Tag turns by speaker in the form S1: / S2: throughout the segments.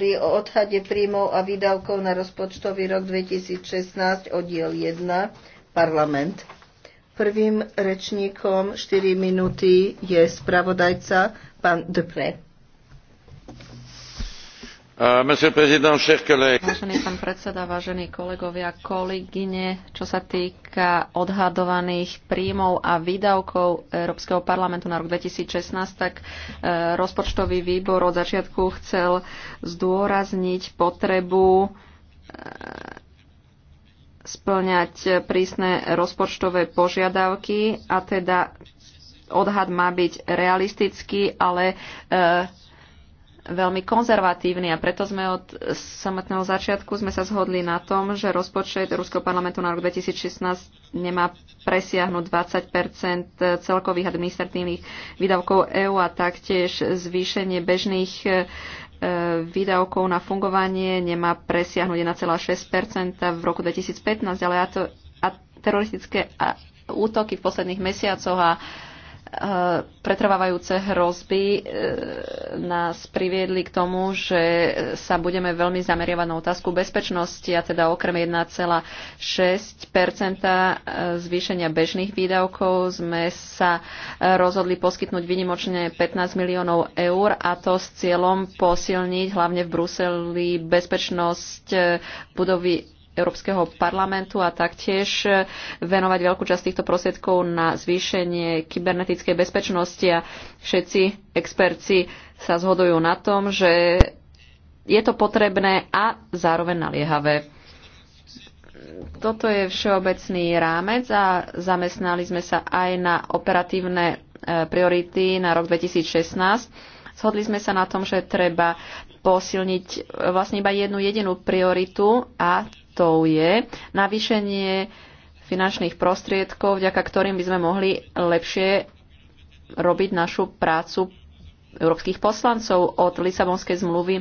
S1: pri odhade príjmov a výdavkov na rozpočtový rok 2016 oddiel 1 parlament. Prvým rečníkom 4 minúty je spravodajca pán Dupré.
S2: Euh, Vážený pán predseda, vážení kolegovia, kolegyne, čo sa týka odhadovaných príjmov a výdavkov Európskeho parlamentu na rok 2016, tak e, rozpočtový výbor od začiatku chcel zdôrazniť potrebu e, splňať prísne rozpočtové požiadavky a teda odhad má byť realistický, ale e, veľmi konzervatívny a preto sme od samotného začiatku sme sa zhodli na tom, že rozpočet Ruského parlamentu na rok 2016 nemá presiahnuť 20 celkových administratívnych výdavkov EÚ a taktiež zvýšenie bežných e, výdavkov na fungovanie nemá presiahnuť 1,6 v roku 2015, ale a to, a teroristické útoky v posledných mesiacoch a Eh, pretrvávajúce hrozby eh, nás priviedli k tomu, že sa budeme veľmi zameriavať na otázku bezpečnosti a teda okrem 1,6 eh, zvýšenia bežných výdavkov sme sa rozhodli poskytnúť vynimočne 15 miliónov eur a to s cieľom posilniť hlavne v Bruseli bezpečnosť budovy Európskeho parlamentu a taktiež e, venovať veľkú časť týchto prosiedkov na zvýšenie kybernetickej bezpečnosti a všetci experci sa zhodujú na tom, že je to potrebné a zároveň naliehavé. Toto je všeobecný rámec a zamestnali sme sa aj na operatívne e, priority na rok 2016. Shodli sme sa na tom, že treba posilniť e, vlastne iba jednu jedinú prioritu a prioritou je navýšenie finančných prostriedkov, vďaka ktorým by sme mohli lepšie robiť našu prácu európskych poslancov od Lisabonskej zmluvy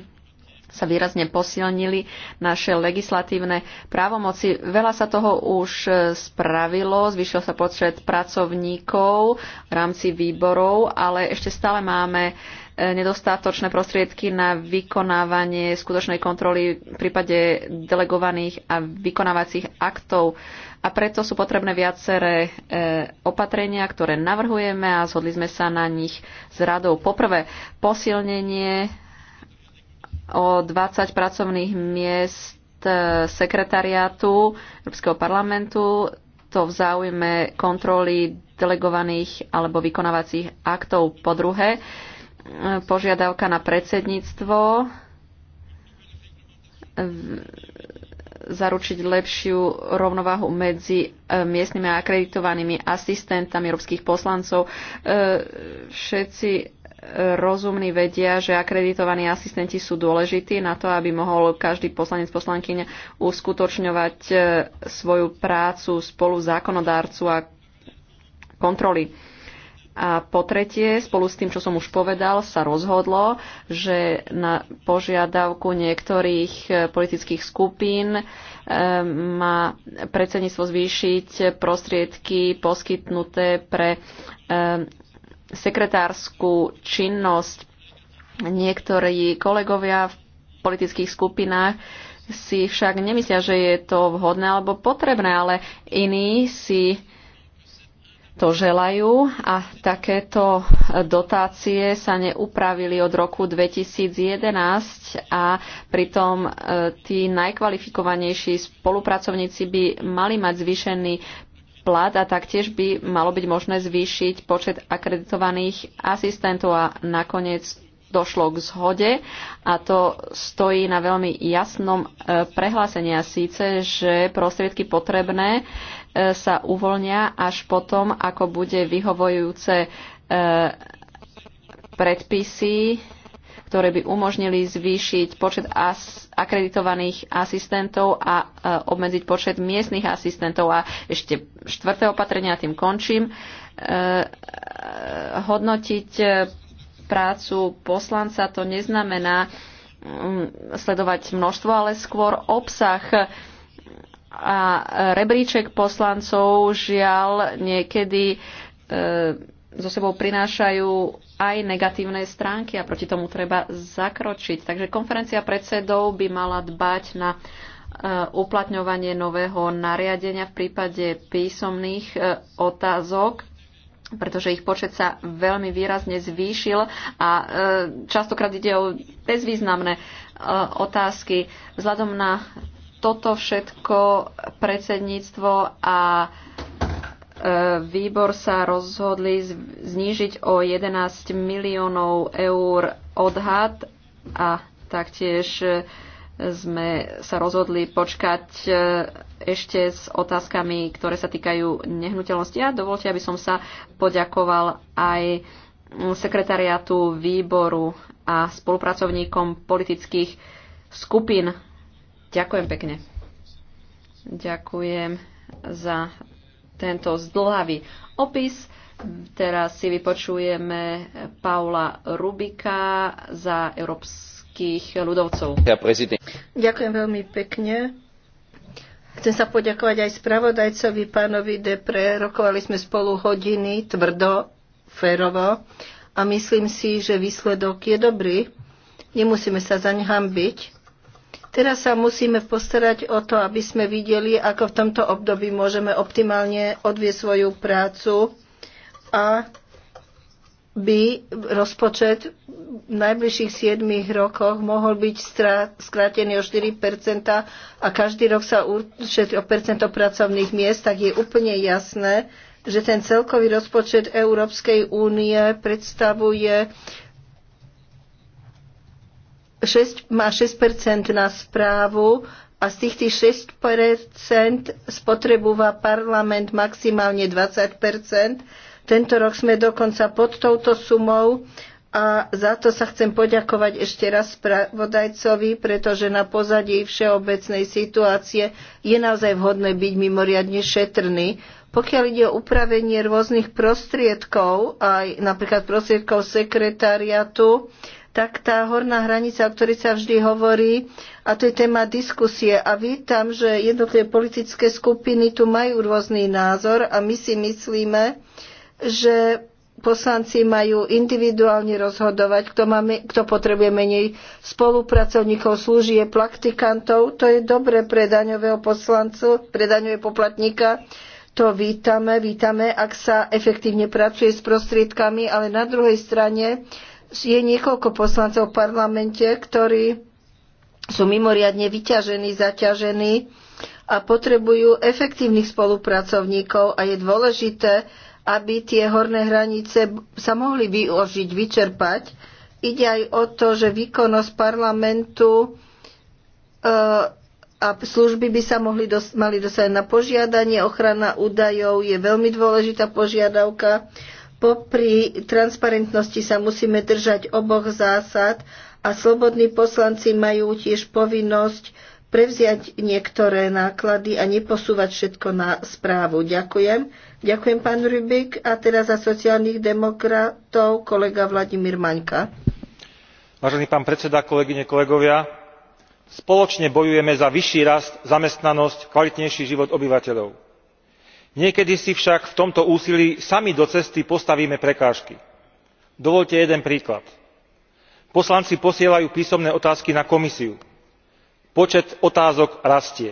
S2: sa výrazne posilnili naše legislatívne právomoci. Veľa sa toho už spravilo, zvyšil sa počet pracovníkov v rámci výborov, ale ešte stále máme nedostatočné prostriedky na vykonávanie skutočnej kontroly v prípade delegovaných a vykonávacích aktov. A preto sú potrebné viaceré e, opatrenia, ktoré navrhujeme a zhodli sme sa na nich s radou. Poprvé, posilnenie o 20 pracovných miest e, sekretariátu Európskeho parlamentu, to v záujme kontroly delegovaných alebo vykonávacích aktov. Po druhé, požiadavka na predsedníctvo zaručiť lepšiu rovnováhu medzi e, miestnymi a akreditovanými asistentami európskych poslancov. E, všetci e, rozumní vedia, že akreditovaní asistenti sú dôležití na to, aby mohol každý poslanec poslankyne uskutočňovať svoju prácu spolu zákonodárcu a kontroly a po tretie, spolu s tým, čo som už povedal, sa rozhodlo, že na požiadavku niektorých e, politických skupín e, má predsedníctvo zvýšiť prostriedky poskytnuté pre e, sekretárskú činnosť. Niektorí kolegovia v politických skupinách si však nemyslia, že je to vhodné alebo potrebné, ale iní si to želajú a takéto dotácie sa neupravili od roku 2011 a pritom e, tí najkvalifikovanejší spolupracovníci by mali mať zvýšený plat a taktiež by malo byť možné zvýšiť počet akreditovaných asistentov a nakoniec došlo k zhode a to stojí na veľmi jasnom e, prehlásení a síce, že prostriedky potrebné e, sa uvoľnia až potom, ako bude vyhovojúce e, predpisy, ktoré by umožnili zvýšiť počet as- akreditovaných asistentov a obmedziť počet miestnych asistentov. A ešte štvrté opatrenia, tým končím, hodnotiť prácu poslanca to neznamená mm, sledovať množstvo, ale skôr obsah. A rebríček poslancov žiaľ niekedy e, so sebou prinášajú aj negatívne stránky a proti tomu treba zakročiť. Takže konferencia predsedov by mala dbať na e, uplatňovanie nového nariadenia v prípade písomných e, otázok pretože ich počet sa veľmi výrazne zvýšil a e, častokrát ide o bezvýznamné e, otázky. Vzhľadom na toto všetko predsedníctvo a e, výbor sa rozhodli znížiť o 11 miliónov eur odhad a taktiež sme sa rozhodli počkať e, ešte s otázkami, ktoré sa týkajú nehnuteľnosti. A dovolte, aby som sa poďakoval aj sekretariátu výboru a spolupracovníkom politických skupín. Ďakujem pekne. Ďakujem za tento zdlhavý opis. Teraz si vypočujeme Paula Rubika za Európsku kurdských ľudovcov.
S1: Ďakujem veľmi pekne. Chcem sa poďakovať aj spravodajcovi pánovi Depre. Rokovali sme spolu hodiny, tvrdo, férovo a myslím si, že výsledok je dobrý. Nemusíme sa zaň hambiť. Teraz sa musíme postarať o to, aby sme videli, ako v tomto období môžeme optimálne odvieť svoju prácu a by rozpočet v najbližších 7 rokoch mohol byť skrátený o 4 a každý rok sa určí o percento pracovných miest, tak je úplne jasné, že ten celkový rozpočet Európskej únie predstavuje 6, má 6 na správu a z tých tých 6 spotrebúva parlament maximálne 20 tento rok sme dokonca pod touto sumou a za to sa chcem poďakovať ešte raz spravodajcovi, pretože na pozadí všeobecnej situácie je naozaj vhodné byť mimoriadne šetrný. Pokiaľ ide o upravenie rôznych prostriedkov, aj napríklad prostriedkov sekretariatu, tak tá horná hranica, o ktorej sa vždy hovorí, a to je téma diskusie. A vítam, že jednotlivé politické skupiny tu majú rôzny názor a my si myslíme, že poslanci majú individuálne rozhodovať, kto, má, kto potrebuje menej spolupracovníkov, slúžie praktikantov. To je dobre pre daňového poslancu, pre daňového poplatníka. To vítame, vítame, ak sa efektívne pracuje s prostriedkami, ale na druhej strane je niekoľko poslancov v parlamente, ktorí sú mimoriadne vyťažení, zaťažení a potrebujú efektívnych spolupracovníkov a je dôležité, aby tie horné hranice sa mohli vyložiť, vyčerpať. Ide aj o to, že výkonnosť parlamentu e, a služby by sa mohli dos- mali dosať na požiadanie. Ochrana údajov je veľmi dôležitá požiadavka. Popri transparentnosti sa musíme držať oboch zásad a slobodní poslanci majú tiež povinnosť prevziať niektoré náklady a neposúvať všetko na správu. Ďakujem. Ďakujem, pán Rybik. A teraz za sociálnych demokratov kolega Vladimír Maňka.
S3: Vážený pán predseda, kolegyne, kolegovia, spoločne bojujeme za vyšší rast, zamestnanosť, kvalitnejší život obyvateľov. Niekedy si však v tomto úsilí sami do cesty postavíme prekážky. Dovolte jeden príklad. Poslanci posielajú písomné otázky na komisiu. Počet otázok rastie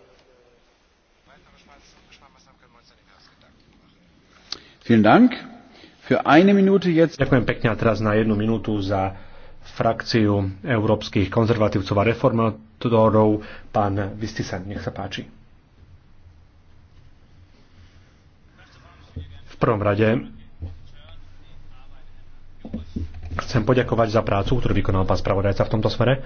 S4: Ďakujem pekne a teraz na jednu minútu za frakciu európskych konzervatívcov a reformátorov. Pán Vistisan, nech sa páči. V prvom rade chcem poďakovať za prácu, ktorú vykonal pán spravodajca v tomto smere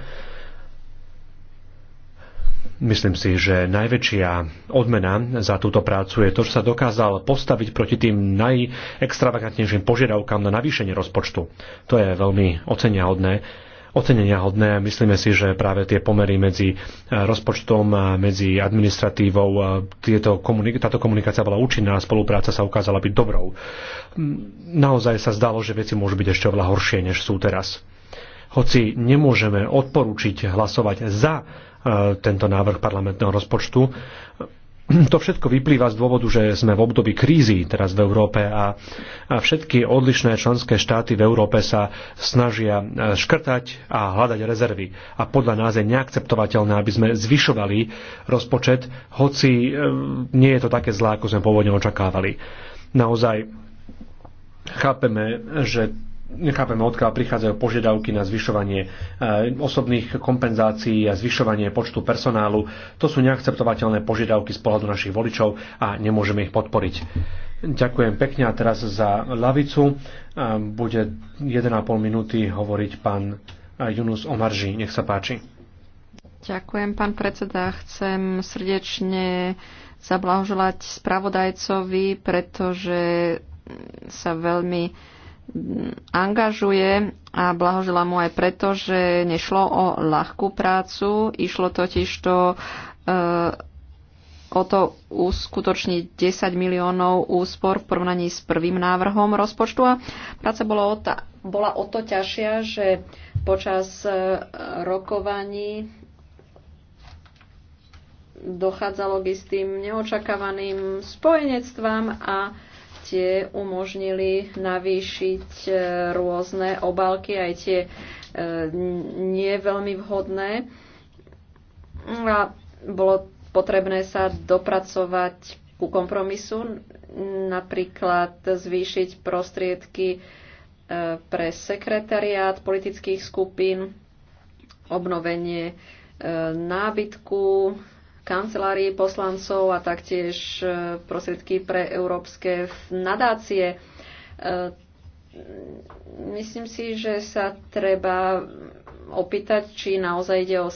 S4: Myslím si, že najväčšia odmena za túto prácu je to, že sa dokázal postaviť proti tým najextravagantnejším požiadavkám na navýšenie rozpočtu. To je veľmi oceniahodné ocenenia hodné. Myslíme si, že práve tie pomery medzi e, rozpočtom a medzi administratívou, e, tieto komunik- táto komunikácia bola účinná a spolupráca sa ukázala byť dobrou. Naozaj sa zdalo, že veci môžu byť ešte oveľa horšie, než sú teraz. Hoci nemôžeme odporúčiť hlasovať za E, tento návrh parlamentného rozpočtu. To všetko vyplýva z dôvodu, že sme v období krízy teraz v Európe a všetky odlišné členské štáty v Európe sa snažia e, škrtať a hľadať rezervy. A podľa nás je neakceptovateľné, aby sme zvyšovali rozpočet, hoci e, nie je to také zlé, ako sme pôvodne očakávali. Naozaj chápeme, že nechápeme, odkiaľ prichádzajú požiadavky na zvyšovanie eh, osobných kompenzácií a zvyšovanie počtu personálu. To sú neakceptovateľné požiadavky z pohľadu našich voličov a nemôžeme ich podporiť. Ďakujem pekne a teraz za lavicu. Eh, bude 1,5 minúty hovoriť pán Junus eh, Omarži. Nech sa páči.
S2: Ďakujem, pán predseda. Chcem srdečne zablahoželať spravodajcovi, pretože sa veľmi angažuje a blahožila mu aj preto, že nešlo o ľahkú prácu, išlo totiž to e, o to uskutočniť 10 miliónov úspor v porovnaní s prvým návrhom rozpočtu a práca bola o, ta, bola o to ťažšia, že počas e, rokovaní dochádzalo k istým neočakávaným spojenectvám a ste umožnili navýšiť e, rôzne obálky, aj tie e, nie veľmi vhodné. A bolo potrebné sa dopracovať ku kompromisu, napríklad zvýšiť prostriedky e, pre sekretariát politických skupín, obnovenie nábytku, kancelárii poslancov a taktiež e, prostriedky pre európske nadácie. E, myslím si, že sa treba opýtať, či naozaj ide o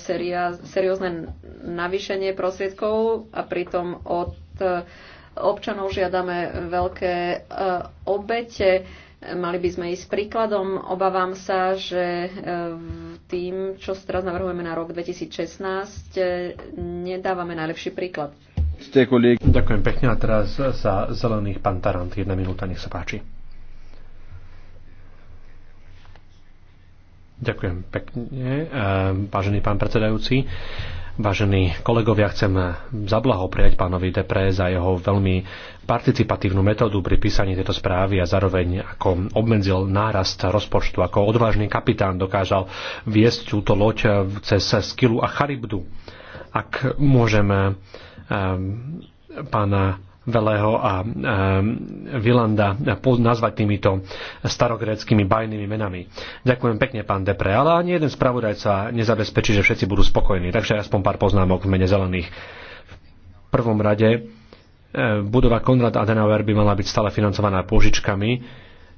S2: seriózne navýšenie prostriedkov a pritom od e, občanov žiadame veľké obete. Mali by sme ísť príkladom. Obávam sa, že e, tým, čo teraz navrhujeme na rok 2016, e, nedávame najlepší príklad.
S4: Ďakujem pekne a teraz za zelených pantarant. Jedna minúta, nech sa páči. Ďakujem pekne, e, vážený pán predsedajúci. Vážení kolegovia, chcem zablahoprieť pánovi Depre za jeho veľmi participatívnu metódu pri písaní tejto správy a zároveň ako obmedzil nárast rozpočtu, ako odvážny kapitán dokážal viesť túto loď cez Skilu a Charibdu. Ak môžeme ehm, pána Veleho a e, Vilanda nazvať týmito starogréckými bajnými menami. Ďakujem pekne, pán Depre, ale ani jeden spravodajca nezabezpečí, že všetci budú spokojní. Takže aspoň pár poznámok v mene zelených. V prvom rade e, budova Konrad Adenauer by mala byť stále financovaná pôžičkami,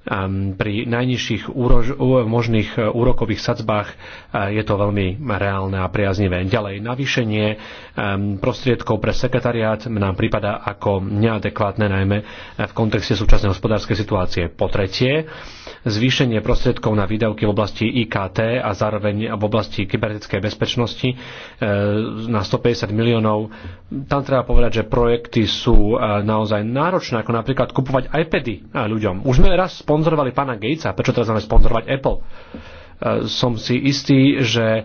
S4: Ehm, pri najnižších úrož, možných e, úrokových sadzbách e, je to veľmi reálne a priaznivé. Ďalej, navýšenie ehm, prostriedkov pre sekretariát nám prípada ako neadekvátne najmä e, v kontexte súčasnej hospodárskej situácie. Po tretie, zvýšenie prostriedkov na výdavky v oblasti IKT a zároveň v oblasti kybernetickej bezpečnosti na 150 miliónov. Tam treba povedať, že projekty sú naozaj náročné, ako napríklad kupovať iPady ľuďom. Už sme raz sponzorovali pána Gatesa, prečo teraz máme sponzorovať Apple? E, som si istý, že e,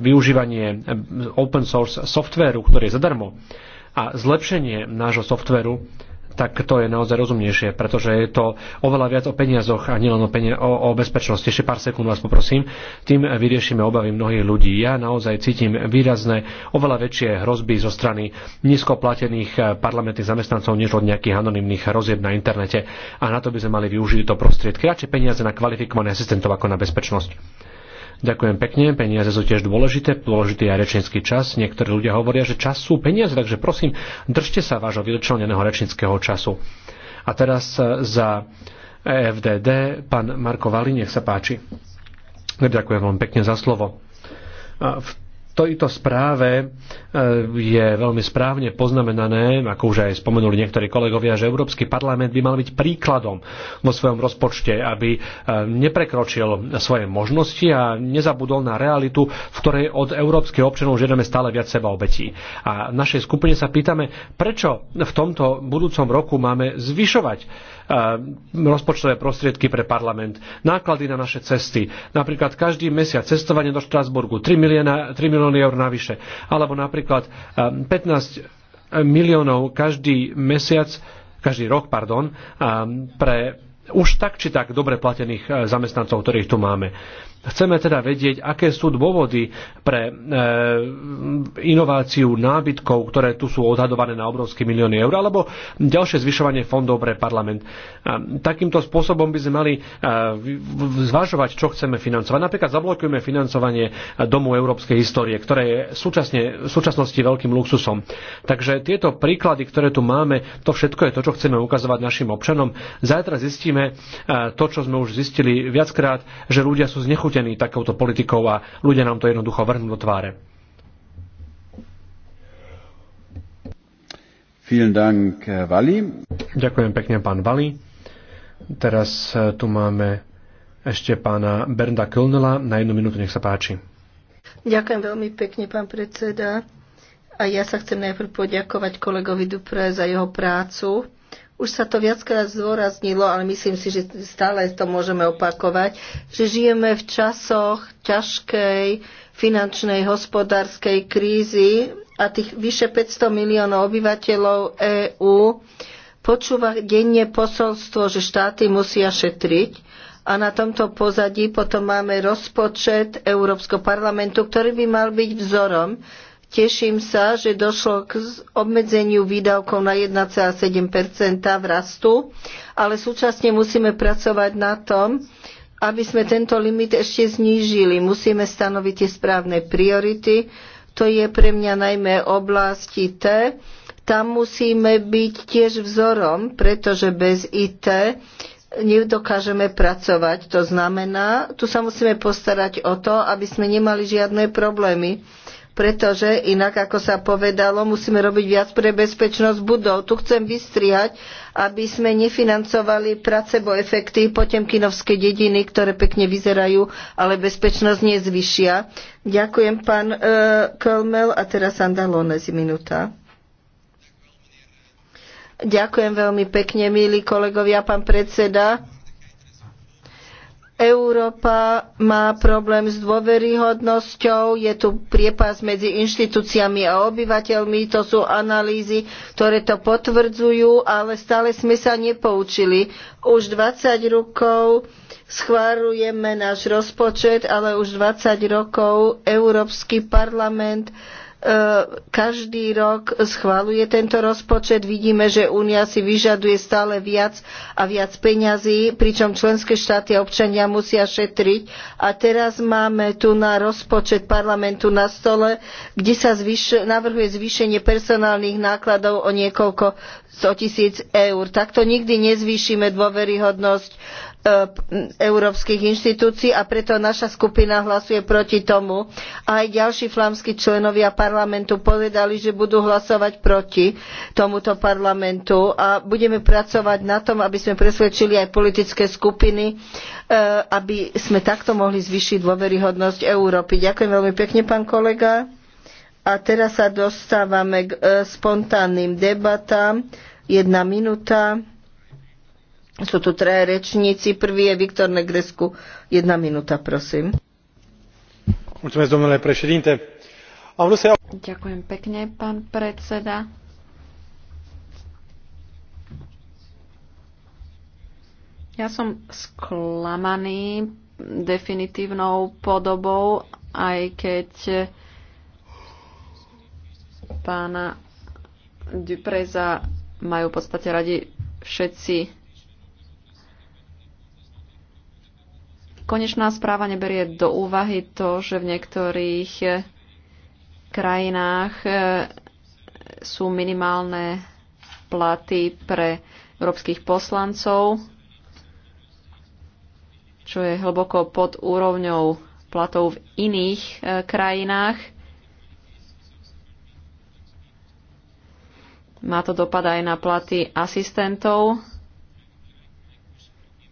S4: využívanie e, open source softvéru, ktorý je zadarmo, a zlepšenie nášho softvéru tak to je naozaj rozumnejšie, pretože je to oveľa viac o peniazoch a nielen o, penia- o, o bezpečnosti. Ešte pár sekúnd vás poprosím. Tým vyriešime obavy mnohých ľudí. Ja naozaj cítim výrazné, oveľa väčšie hrozby zo strany nízko platených eh, parlamentných zamestnancov, než od nejakých anonimných hrozieb na internete. A na to by sme mali využiť to prostriedky. Radšej peniaze na kvalifikovaných asistentov ako na bezpečnosť. Ďakujem pekne, peniaze sú tiež dôležité, dôležitý aj rečnícky čas. Niektorí ľudia hovoria, že čas sú peniaze, takže prosím, držte sa vášho vyčleneného rečnického času. A teraz za EFDD pán Marko Vali, nech sa páči. Ďakujem vám pekne za slovo. V tejto správe e, je veľmi správne poznamenané, ako už aj spomenuli niektorí kolegovia, že Európsky parlament by mal byť príkladom vo svojom rozpočte, aby e, neprekročil svoje možnosti a nezabudol na realitu, v ktorej od európskych občanov žiadame stále viac seba obetí. A našej skupine sa pýtame, prečo v tomto budúcom roku máme zvyšovať rozpočtové prostriedky pre parlament, náklady na naše cesty, napríklad každý mesiac cestovanie do Štrásburgu 3, 3 milióny eur navyše, alebo napríklad 15 miliónov každý mesiac, každý rok, pardon, pre už tak či tak dobre platených e, zamestnancov, ktorých tu máme. Chceme teda vedieť, aké sú dôvody pre e, inováciu nábytkov, ktoré tu sú odhadované na obrovské milióny eur, alebo ďalšie zvyšovanie fondov pre parlament. A, takýmto spôsobom by sme mali e, zvažovať, čo chceme financovať. Napríklad zablokujeme financovanie Domu európskej histórie, ktoré je súčasne, v súčasnosti veľkým luxusom. Takže tieto príklady, ktoré tu máme, to všetko je to, čo chceme ukazovať našim občanom. Zajtra zistíme e, to, čo sme už zistili viackrát, že ľudia sú znechutení znechutení takouto politikou a ľudia nám to jednoducho vrhnú do tváre.
S2: Dank, Vali.
S4: Ďakujem pekne, pán Vali. Teraz eh, tu máme ešte pána Bernda Kölnela. Na jednu minútu, nech sa páči.
S1: Ďakujem veľmi pekne, pán predseda. A ja sa chcem najprv poďakovať kolegovi Dupre za jeho prácu už sa to viackrát zdôraznilo, ale myslím si, že stále to môžeme opakovať, že žijeme v časoch ťažkej finančnej, hospodárskej krízy a tých vyše 500 miliónov obyvateľov EÚ počúva denne posolstvo, že štáty musia šetriť a na tomto pozadí potom máme rozpočet Európskeho parlamentu, ktorý by mal byť vzorom. Teším sa, že došlo k obmedzeniu výdavkov na 1,7 v rastu, ale súčasne musíme pracovať na tom, aby sme tento limit ešte znížili. Musíme stanoviť tie správne priority. To je pre mňa najmä oblasti IT. Tam musíme byť tiež vzorom, pretože bez IT nedokážeme pracovať. To znamená, tu sa musíme postarať o to, aby sme nemali žiadne problémy pretože inak, ako sa povedalo, musíme robiť viac pre bezpečnosť budov. Tu chcem vystriať, aby sme nefinancovali bo efekty potemkinovské dediny, ktoré pekne vyzerajú, ale bezpečnosť nezvyšia. Ďakujem, pán e, Kölmel, a teraz Andalone z minúta. Ďakujem veľmi pekne, milí kolegovia, pán predseda Európa má problém s dôveryhodnosťou, je tu priepas medzi inštitúciami a obyvateľmi, to sú analýzy, ktoré to potvrdzujú, ale stále sme sa nepoučili. Už 20 rokov schvárujeme náš rozpočet, ale už 20 rokov Európsky parlament E, každý rok schváluje tento rozpočet. Vidíme, že Únia si vyžaduje stále viac a viac peňazí, pričom členské štáty a občania musia šetriť. A teraz máme tu na rozpočet parlamentu na stole, kde sa zvyš- navrhuje zvýšenie personálnych nákladov o niekoľko 100 tisíc eur. Takto nikdy nezvýšime dôveryhodnosť E, európskych inštitúcií a preto naša skupina hlasuje proti tomu. A aj ďalší flámski členovia parlamentu povedali, že budú hlasovať proti tomuto parlamentu a budeme pracovať na tom, aby sme presvedčili aj politické skupiny, e, aby sme takto mohli zvýšiť dôveryhodnosť Európy. Ďakujem veľmi pekne, pán kolega. A teraz sa dostávame k e, spontánnym debatám. Jedna minúta. Sú tu tre rečníci. Prvý je Viktor Negrescu. Jedna minúta, prosím. Ďakujem
S2: pekne, pán predseda. Ja som sklamaný definitívnou podobou, aj keď pána Dupreza majú v podstate radi všetci Konečná správa neberie do úvahy to, že v niektorých eh, krajinách eh, sú minimálne platy pre európskych poslancov, čo je hlboko pod úrovňou platov v iných eh, krajinách. Má to dopad aj na platy asistentov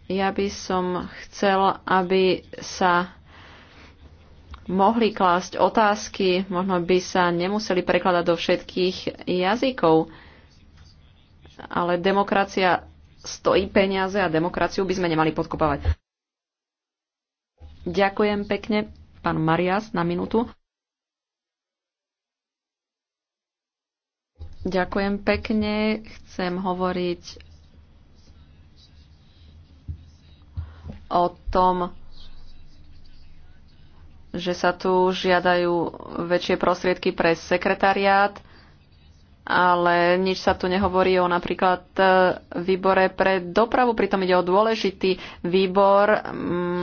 S2: ja by som chcel, aby sa mohli klásť otázky, možno by sa nemuseli prekladať do všetkých jazykov, ale demokracia stojí peniaze a demokraciu by sme nemali podkopávať. Ďakujem pekne, pán Marias, na minútu. Ďakujem pekne. Chcem hovoriť o tom, že sa tu žiadajú väčšie prostriedky pre sekretariát, ale nič sa tu nehovorí o napríklad e, výbore pre dopravu, pritom ide o dôležitý výbor,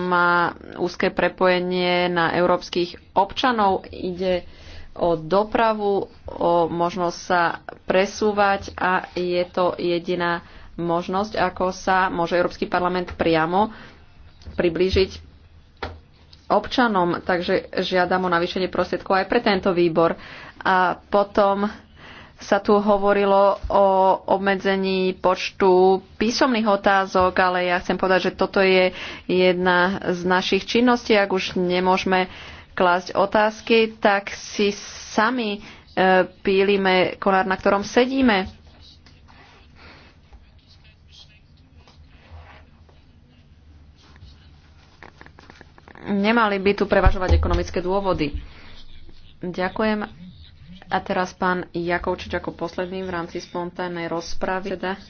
S2: má úzke prepojenie na európskych občanov, ide o dopravu, o možnosť sa presúvať a je to jediná možnosť, ako sa môže Európsky parlament priamo priblížiť občanom, takže žiadam o navýšenie prostriedkov aj pre tento výbor. A potom sa tu hovorilo o obmedzení počtu písomných otázok, ale ja chcem povedať, že toto je jedna z našich činností. Ak už nemôžeme klásť otázky, tak si sami e, pílime konár, na ktorom sedíme nemali by tu prevažovať ekonomické dôvody. Ďakujem. A teraz pán Jakovčič ako posledný v rámci spontánnej rozpravy. Teda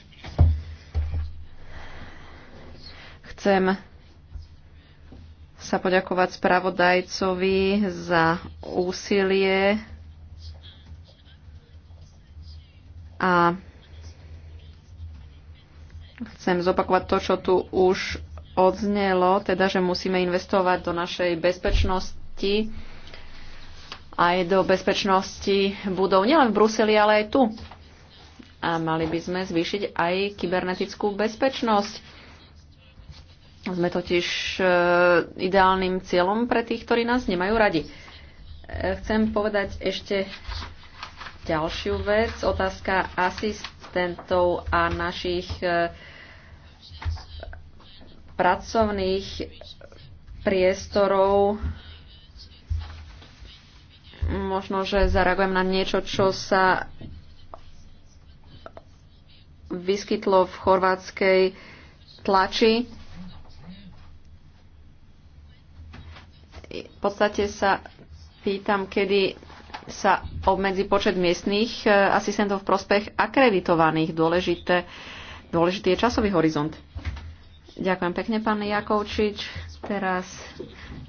S2: chcem sa poďakovať spravodajcovi za úsilie a chcem zopakovať to, čo tu už odznelo, teda, že musíme investovať do našej bezpečnosti aj do bezpečnosti budov nielen v Bruseli, ale aj tu. A mali by sme zvýšiť aj kybernetickú bezpečnosť. Sme totiž e, ideálnym cieľom pre tých, ktorí nás nemajú radi. E, chcem povedať ešte ďalšiu vec. Otázka asistentov a našich e, pracovných priestorov. Možno, že zareagujem na niečo, čo sa vyskytlo v chorvátskej tlači. V podstate sa pýtam, kedy sa obmedzi počet miestných eh, asistentov v prospech akreditovaných. Dôležité, dôležitý je časový horizont. Ďakujem pekne, pán Jakovčič. Teraz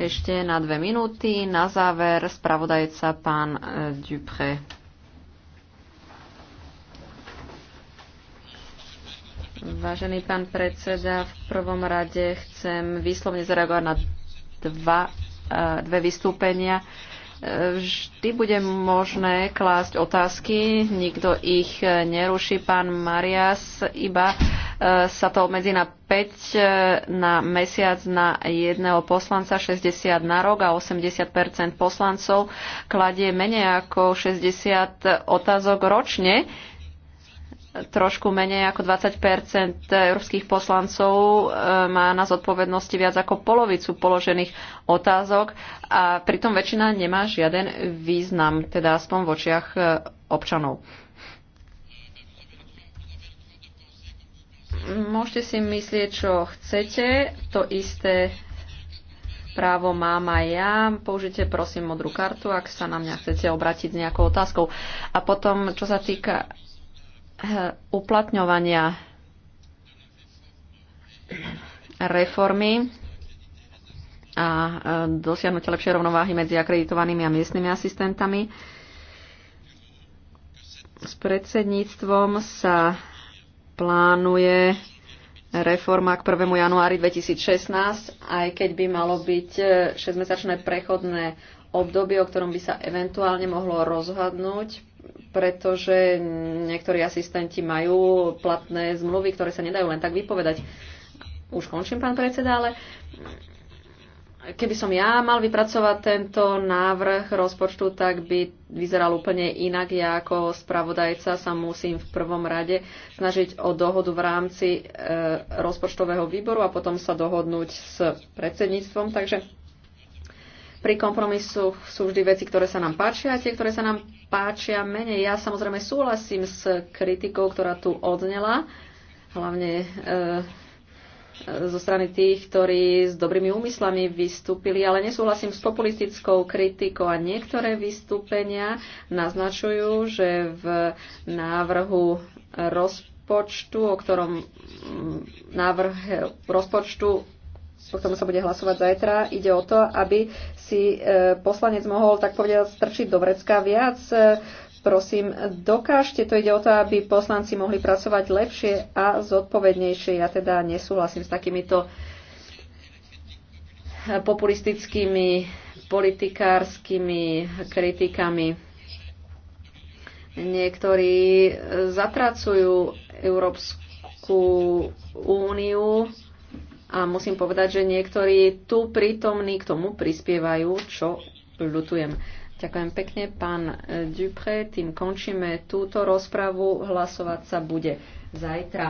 S2: ešte na dve minúty. Na záver spravodajca pán e, Dupré. Vážený pán predseda, v prvom rade chcem výslovne zareagovať na dva, e, dve vystúpenia. E, vždy bude možné klásť otázky, nikto ich neruší. Pán Marias iba Eh, sa to obmedzí na 5 eh, na mesiac na jedného poslanca, 60 na rok a 80 poslancov kladie menej ako 60 otázok ročne trošku menej ako 20 európskych poslancov eh, má na zodpovednosti viac ako polovicu položených otázok a pritom väčšina nemá žiaden význam, teda aspoň v očiach občanov. Môžete si myslieť, čo chcete. To isté právo mám aj ja. Použite prosím modrú kartu, ak sa na mňa chcete obrátiť s nejakou otázkou. A potom, čo sa týka eh, uplatňovania reformy a eh, dosiahnutia lepšej rovnováhy medzi akreditovanými a miestnymi asistentami. S predsedníctvom sa plánuje reforma k 1. januári 2016, aj keď by malo byť 6-mesačné e, prechodné obdobie, o ktorom by sa eventuálne mohlo rozhodnúť, pretože niektorí asistenti majú platné zmluvy, ktoré sa nedajú len tak vypovedať. Už končím, pán predseda, ale keby som ja mal vypracovať tento návrh rozpočtu, tak by vyzeral úplne inak. Ja ako spravodajca sa musím v prvom rade snažiť o dohodu v rámci e, rozpočtového výboru a potom sa dohodnúť s predsedníctvom. Takže pri kompromisu sú vždy veci, ktoré sa nám páčia a tie, ktoré sa nám páčia menej. Ja samozrejme súhlasím s kritikou, ktorá tu odnela, hlavne e, zo strany tých, ktorí s dobrými úmyslami vystúpili, ale nesúhlasím s populistickou kritikou a niektoré vystúpenia naznačujú, že v návrhu rozpočtu, o ktorom mm, návrh rozpočtu o ktorom sa bude hlasovať zajtra, ide o to, aby si e, poslanec mohol, tak povedať, strčiť do vrecka viac e, prosím, dokážte, to ide o to, aby poslanci mohli pracovať lepšie a zodpovednejšie. Ja teda nesúhlasím s takýmito populistickými, politikárskymi kritikami. Niektorí zatracujú Európsku úniu a musím povedať, že niektorí tu prítomní k tomu prispievajú, čo ľutujem. Ďakujem pekne, pán e, Dupre. Tým končíme túto rozpravu. Hlasovať sa bude zajtra.